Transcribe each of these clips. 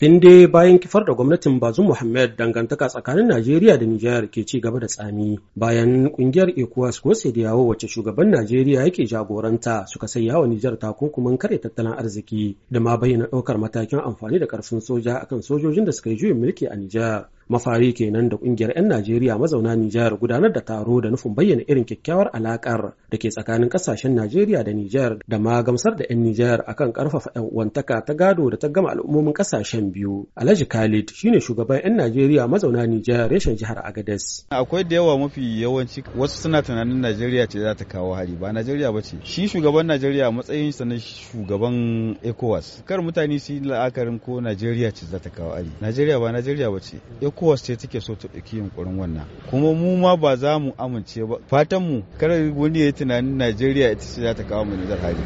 tun dai bayan kifar da gwamnatin bazum muhammad dangantaka tsakanin najeriya da nijar ke ci gaba da tsami bayan kungiyar ecowas ko sediyawo wacce shugaban najeriya yake jagoranta suka sayya wa nijar kuma kare tattalin arziki da ma bayyana ɗaukar matakin amfani da ƙarfin soja akan sojojin da suka yi juyin mulki a nijar mafari kenan da kungiyar 'yan najeriya mazauna nijar gudanar da taro da nufin bayyana irin kyakkyawar alakar da ke tsakanin kasashen najeriya da nijar da ma gamsar da 'yan nijar akan karfafa 'yan uwantaka ta gado da ta gama al'ummomin kasashen biyu alhaji khalid shine shugaban 'yan najeriya mazauna nijar reshen jihar agades akwai da yawa mafi yawanci wasu suna tunanin najeriya ce za ta kawo hari ba najeriya ba ce shi shugaban najeriya a matsayin sa na shugaban ecowas kar mutane su yi la'akarin ko najeriya ce za ta kawo hari najeriya ba najeriya ba ce ECOWAS ce take so ta ɗauki yunkurin wannan kuma mu ma ba za mu amince ba fatan mu kar wani ya yi tunanin Najeriya ita ce za ta kawo mu Nijar hari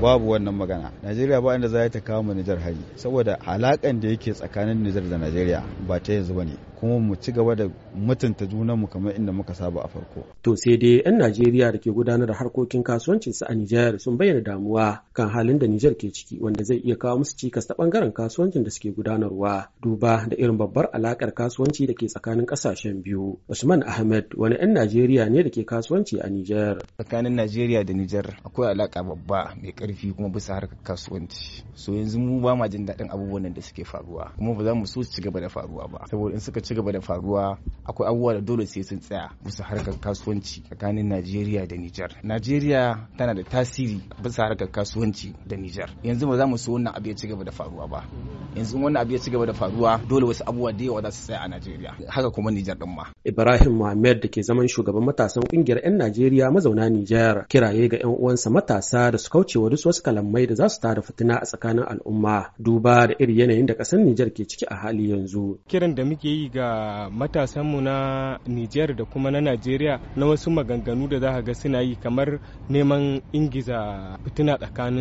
babu wannan magana najeriya ba inda za ta kawo mu nijar hari saboda alakan da yake tsakanin nijar da najeriya ba ta yanzu ba ne kuma mu ci gaba da mutunta mu kamar inda muka saba a farko. To sai dai 'yan Najeriya da ke gudanar da harkokin kasuwanci su a Nijar sun bayyana damuwa kan halin da Nijar ke ciki wanda zai iya kawo musu cikas ta bangaren kasuwancin da suke gudanarwa duba da irin babbar alakar kasuwanci da ke tsakanin kasashen biyu. Usman Ahmed wani 'yan Najeriya ne da ke kasuwanci a Nijar. Tsakanin Najeriya da Nijar akwai alaka babba mai karfi kuma bisa harkar kasuwanci. So yanzu mu ba ma jin daɗin abubuwan da suke faruwa kuma ba za mu so su ci gaba da faruwa ba saboda in suka ci ci gaba da faruwa akwai abubuwa da dole sai sun tsaya bisa harkar kasuwanci tsakanin Najeriya da Nijar. Najeriya tana da tasiri bisa harkar kasuwanci da Nijar. Yanzu ba za mu so wannan abu ya ci gaba da faruwa ba. yanzu wannan abu ya ci gaba da faruwa dole wasu abubuwa da yawa za su tsaya a Najeriya haka kuma Nijar din ma Ibrahim Muhammad da ke zaman shugaban matasan kungiyar 'yan Najeriya mazauna Nijar kiraye ga 'yan uwansa matasa da su kauce wa duk wasu kalamai da za su tada fitina a tsakanin al'umma duba da irin yanayin da kasar Nijar ke ciki a hali yanzu kiran da muke yi ga matasanmu na Nijar da kuma na Najeriya na wasu maganganu da za ka ga suna yi kamar neman ingiza fitina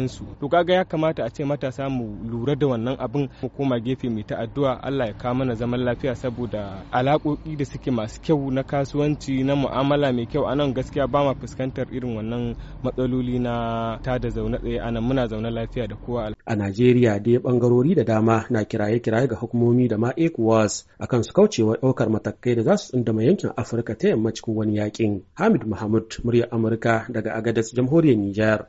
su to kaga ya kamata a ce matasa mu lura da wannan abin mu koma gefe mai ta addu'a Allah ya kawo mana zaman lafiya saboda alaƙoƙi da suke masu kyau na kasuwanci na mu'amala mai kyau anan gaskiya ba ma fuskantar irin wannan matsaloli na ta da zaune tsaye anan muna zaune lafiya da kowa. A Najeriya dai bangarori da dama na kiraye-kiraye ga hukumomi da ma ECOWAS akan su kaucewa ɗaukar matakai da za su tsundama yankin Afirka ta yamma cikin wani yakin. Hamid Mahmud, murya Amurka daga Agadez, Jamhuriyar Nijar.